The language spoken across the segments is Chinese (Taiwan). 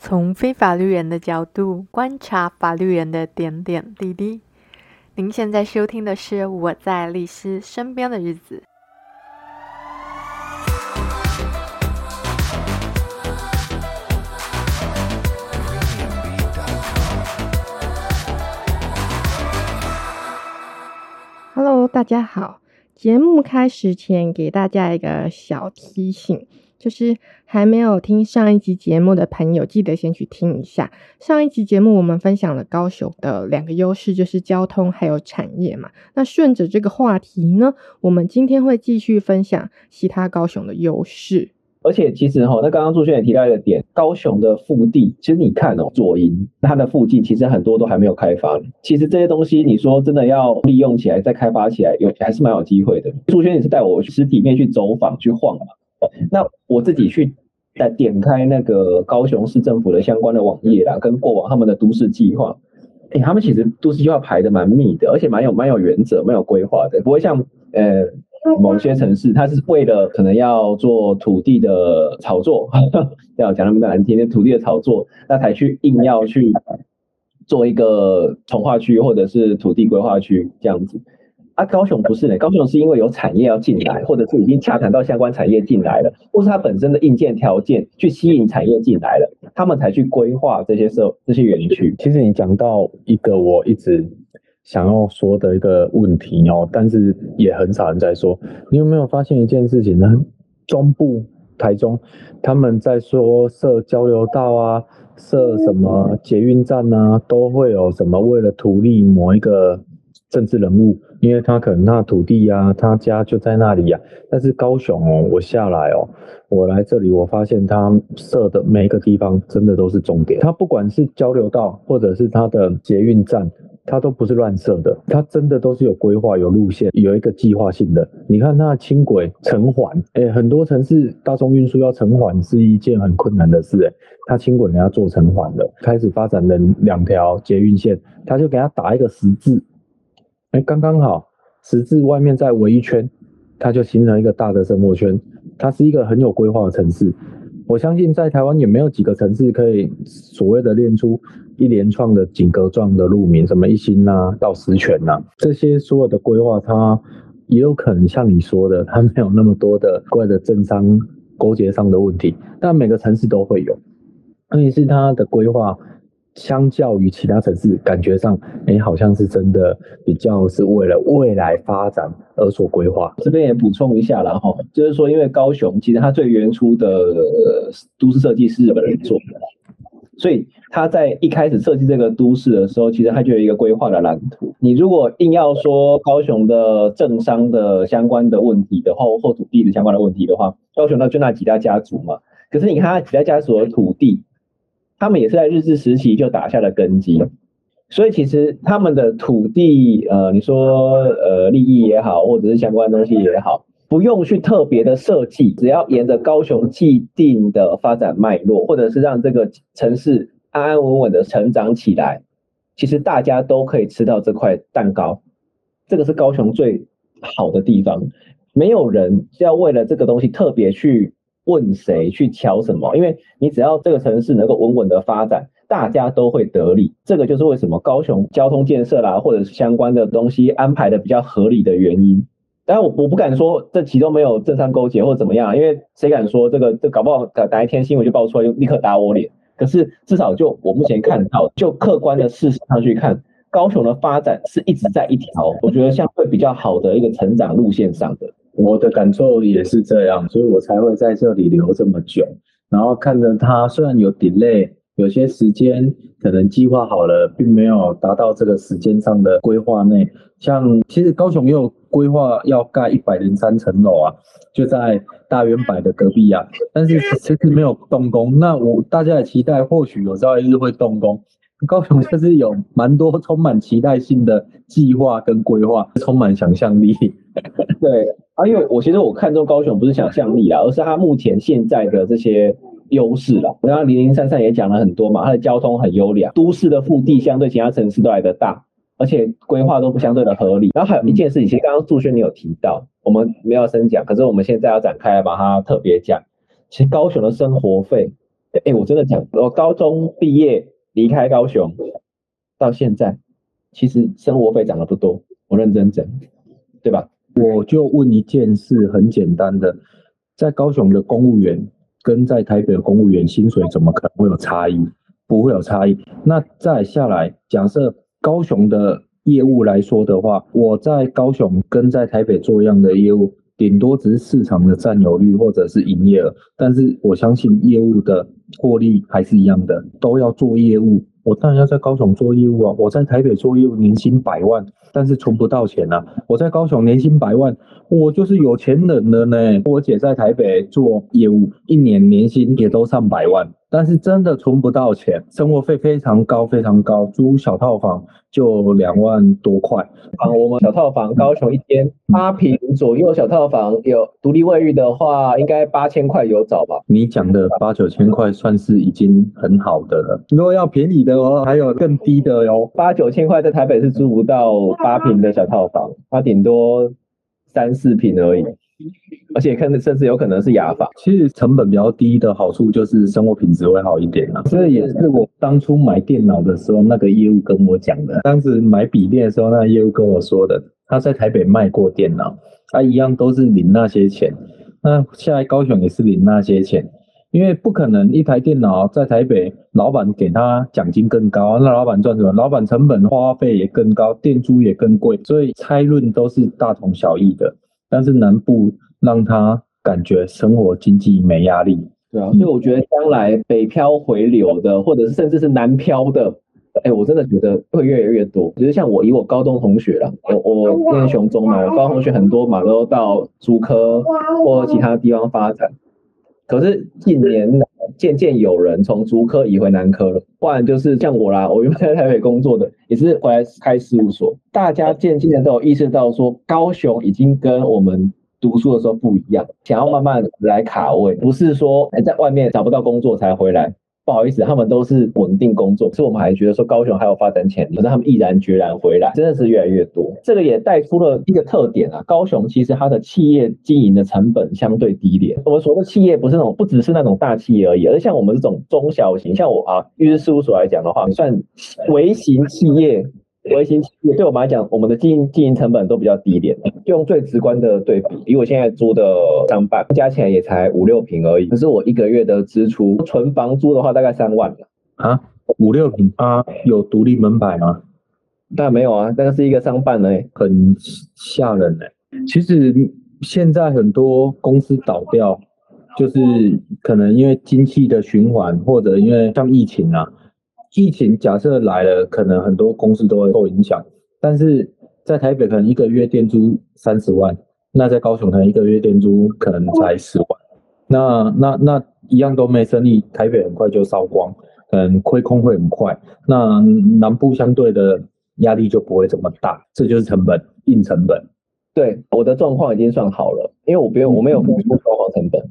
從非法律人的角度觀察，法律人的點點滴滴。您現在收聽的是《我在律師身邊的日子》。Hello，大家好。節目開始前，給大家一個小提醒。就是還沒有聽上一集節目的朋友，記得先去聽一下上一集節目。我們分享了高雄的兩個優勢，就是交通還有產業嘛。那順着這個話題呢，我們今天會繼續分享其他高雄的優勢。而且其實哈、哦，那剛剛祝軒也提到一個點，高雄的腹地，其實你看哦，左營它的附近其實很多都還沒有開發。其實這些東西你說真的要利用起來再開發起來，有還是蠻有機會的。祝軒也是帶我實體面去走訪去晃嘛。那我自己去再點開那個高雄市政府的相關的網頁啦，跟過往他們的都市計劃，誒，他們其實都市計劃排的蠻密的，而且蠻有蠻有原則、蠻有規劃的，不會像呃某些城市，它是為了可能要做土地的炒作，要、哦、講他們的那麼難聽點，土地的炒作，那才去硬要去做一個重劃區或者是土地規劃區這樣子。啊，高雄不是的、欸，高雄是因為有產業要進來，或者是已經洽談到相關產業進來了，或是它本身的硬件條件去吸引產業進來了，他們才去規劃這些社這些園區。其實你講到一個我一直想要說的一個問題哦、喔，但是也很少人在說。你有沒有發現一件事情呢？中部台中他們在說設交流道啊，設什麼捷運站啊，都會有什麼為了圖利某一個政治人物？因為他可能那土地呀、啊，他家就在那裡呀、啊。但是高雄哦，我下來哦，我來這裡，我發現他設的每一個地方真的都是重點。他不管是交流道或者是他的捷運站，他都不是亂設的，他真的都是有規劃、有路線、有一個計劃性的。你看那輕軌成環，哎，很多城市大眾運輸要成環是一件很困難的事、欸，哎，他輕軌人家做成環的，開始發展了兩條捷運線，他就給他打一個十字。哎，剛剛好，十字外面再圍一圈，它就形成一個大的生活圈。它是一個很有規劃的城市。我相信在台灣也沒有幾個城市可以所謂的練出一連串的井格狀的路名，什麼一心吶、啊、到十全吶、啊，這些所有的規劃，它也有可能像你說的，它沒有那麼多的怪的政商勾結上的問題。但每個城市都會有，問題是它的規劃。相較於其他城市，感覺上，你、欸、好像是真的比較是為了未來發展而做規劃。這邊也補充一下，然後就是說，因為高雄其實它最原初的、呃、都市設計是日本人做的，所以他在一開始設計這個都市的時候，其實他就有一個規劃的藍圖。你如果硬要說高雄的政商的相關的問題的話，或土地的相關的問題的話，高雄那就那幾大家族嘛。可是你看，那幾大家族的土地。他們也是在日治時期就打下了根基，所以其實他們的土地，呃，你說，呃，利益也好，或者是相關的東西也好，不用去特別的設計，只要沿着高雄既定的發展脈絡，或者是讓這個城市安安穩穩的成長起來，其實大家都可以吃到這塊蛋糕。這個是高雄最好的地方，沒有人要為了這個東西特別去。問誰去瞧什麼？因為你只要這個城市能夠穩穩的發展，大家都會得利。這個就是為什麼高雄交通建設啦，或者是相關的東西安排的比較合理的原因。但我我不敢說這其中沒有政商勾結或怎麼樣，因為誰敢說這個這搞不好哪一天新聞就爆出來，就立刻打我臉。可是至少就我目前看到，就客觀的事實上去看，高雄的發展是一直在一條，我覺得相對比較好的一個成長路線上的。我的感受也是這樣，所以我才會在這裡留這麼久。然後看着它，雖然有 delay，有些時間可能計劃好了，並沒有達到這個時間上的規劃內。像其實高雄也有規劃要蓋一百零三層樓啊，就在大遠百的隔壁啊，但是其實沒有動工。那我大家的期待，或許有朝一日會動工。高雄就是有蠻多充滿期待性的計劃跟規劃，充滿想象力。對。啊，因為我其實我看中高雄不是想象力啦，而是它目前現在的這些優勢啦。我剛剛零零散散也講了很多嘛，它的交通很優良，都市的腹地相對其他城市都來得大，而且規劃都不相對的合理。然後還有一件事情，其實剛剛祝軒你有提到，我們沒有深講，可是我們現在要展開把它特別講。其實高雄的生活費，哎、欸，我真的講，我高中畢業離開高雄到現在，其實生活費漲得不多，我認真整，對吧？我就問一件事，很簡單的，在高雄的公務員跟在台北的公務員薪水怎麼可能會有差異？不會有差異。那再下來，假設高雄的業務來說的話，我在高雄跟在台北做一樣的業務，頂多只是市場的占有率或者是營業額，但是我相信業務的獲利還是一樣的，都要做業務。我當然要在高雄做業務啊！我在台北做業務，年薪百萬，但是存不到錢啊！我在高雄年薪百萬，我就是有錢人了呢。我姐在台北做業務，一年年薪也都上百萬。但是真的存不到錢，生活費非常高，非常高。租小套房就兩萬多塊啊，我們小套房高雄一間八坪，嗯、左右，小套房有獨、嗯、立衛浴的話，應該八千塊有找吧？你講的八九千塊算是已經很好的了。如果要便宜的哦，還有更低的喲、哦。八九千塊在台北是租不到八坪的小套房，它，啊、頂多三四坪而已。而且看，甚至有可能是亞法。其實成本比較低的好處就是生活品質會好一點了啊。這也是我當初買電腦的時候，那個業務跟我講的。當時買筆電的時候，那個業務跟我說的。他在台北賣過電腦，他一樣都是領那些錢。那現在高雄也是領那些錢，因為不可能一台電腦在台北老闆給他獎金更高，那老闆賺什麼？老闆成本花費也更高，店租也更貴，所以拆論都是大同小異的。但是南部讓他感覺生活經濟沒壓力，對啊，所以我覺得將來北漂回流的，或者是甚至是南漂的，哎、欸，我真的覺得會越來越多。其、就是像我，以我高中同學啦，我我念雄、那個、中嘛，我高中同學很多嘛，都到竹科或其他地方發展，可是近年來，漸漸有人從竹科移回南科了，不然就是像我啦，我原本在台北工作的，也是回來開事務所。大家漸漸的都有意識到，說高雄已經跟我們讀書的時候不一樣，想要慢慢來卡位，不是說欸在外面找不到工作才回來。不好意思，他們都是穩定工作，可是我們還覺得說高雄還有發展潛力。可是他們毅然決然回來，真的是越來越多。這個也帶出了一個特點啊，高雄其實它的企業經營的成本相對低點。我們所說的企業不是那種，不只是那種大企業而已，而像我們這種中小型，像我啊律師事務所來講的話，你算微型企業。微型企業對我來講，我們的經營經營成本都比較低一點。用最直觀的對比，比我現在租的商辦加起來也才五六坪而已。可是我一個月的支出，純房租的話大概三萬啊，五六坪啊，有獨立門板嗎？當然沒有啊，那是一個商辦呢，很嚇人呢、欸。其實現在很多公司倒掉，就是可能因為經濟的循環，或者因為像疫情啊。疫情假設來了，可能很多公司都會受影響。但是在台北可能一個月店租三十萬，那在高雄可能一個月店租可能才十萬。那那那，那一樣都沒生意，台北很快就燒光，可能虧空會很快。那南部相對的壓力就不會這麼大，這就是成本，硬成本。對，我的狀況已經算好了，因為我不用，嗯、我沒有付出燒荒成本。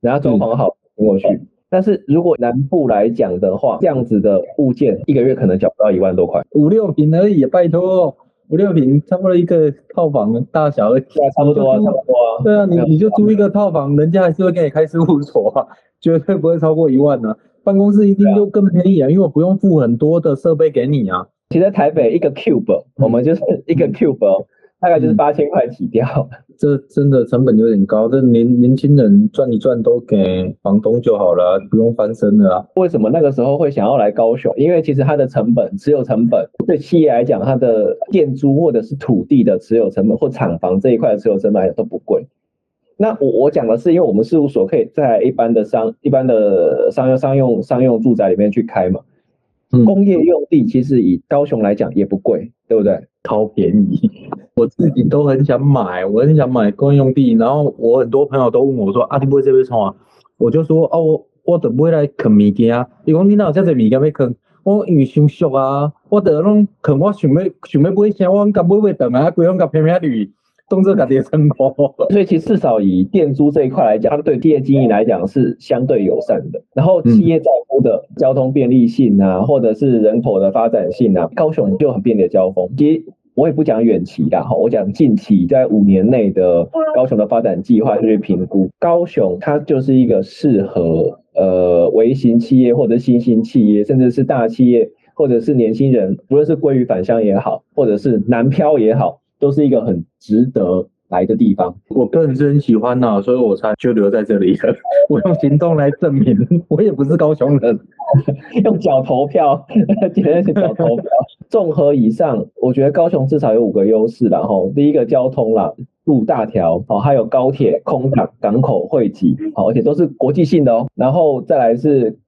然後狀況好，是我去。但是如果南部來講的話，這樣子的物件一個月可能繳不到一萬多塊，五六坪而已，拜托、哦、五六坪，差不多一個套房的大小而已，差不多啊，差不多啊， 對啊，你你就租一個套房，人家還是會給你開事務所啊，絕對不會超過一萬呢、啊，辦公室一定就更便宜啊，因為我不用付很多的設備給你啊，其實在台北一個 Cube，、嗯、我們就是一個 Cube、哦。大概就是八千塊起跳、嗯，這真的成本有點高。這年年輕人賺一賺都給房東就好了、啊，不用翻身的啊。為什麼那個時候會想要來高雄？因為其實它的成本持有成本對企業來講，它的店租或者是土地的持有成本或廠房這一塊的持有成本都不貴。那我我講的是，因為我們事務所可以在一般的商一般的商用商用商用住宅裡面去開嘛。嗯、工業用地其實以高雄來講也不貴，對不對？超便宜， 我自己都很想買，我很想買工業用地。然後我很多朋友都問我說：“啊，你不會這邊衝啊？”我就說：“哦、啊，我得買來啃物件。”伊講：“你哪有這多物件沒啃，我講：“因為太俗啊，我得那種坑，我想要想要買些，我講甲買買長啊，貴兇甲平平綠。”動作感也成功，所以其實至少以電租這一塊來講，它對企業經營來講是相對友善的。然後企業在乎的交通便利性啊，或者是人口的發展性啊，高雄就很便利交通。第一，我也不講遠期的哈，我講近期在五年內的高雄的發展計劃去評估。高雄它就是一個適合呃微型企業或者新興企業，甚至是大企業，或者是年輕人，無論是鮭魚返鄉也好，或者是南漂也好，都是一個很值得來的地方，我個人是很喜歡吶、啊，所以我才就留在這裡 我用行動來證明，我也不是高雄人， 用腳投票，簡單寫腳投票。綜 合以上，我覺得高雄至少有五個優勢，然後第一個交通啦，路大條，哦，還有高鐵、空港、港口匯集，好，而且都是國際性的哦。然後再來是。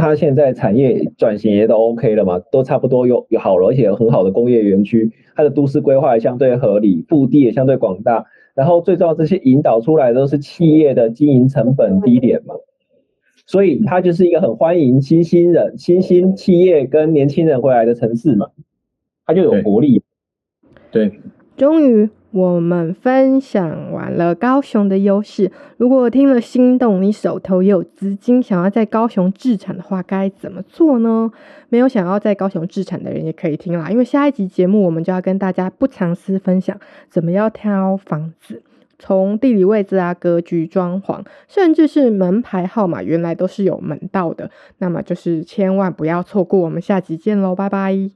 它現在產業轉型也都 OK 了嘛，都差不多有有好了，而且有很好的工業園區，它的都市規劃也相對合理，腹地也相對廣大，然後最重要這些引導出來的都是企業的經營成本低點嘛，所以它就是一個很歡迎新興人、新興企業跟年輕人回來的城市嘛，它就有活力，對，對。終於，我們分享完了高雄的優勢。如果聽了心動，你手頭也有資金，想要在高雄置產的話，該怎麼做呢？沒有想要在高雄置產的人也可以聽啦，因為下一集節目我們就要跟大家不藏私分享，怎麼要挑房子，從地理位置啊、格局、裝潢，甚至是門牌號碼，原來都是有門道的。那麼就是千萬不要錯過，我們下集見嘍，拜拜。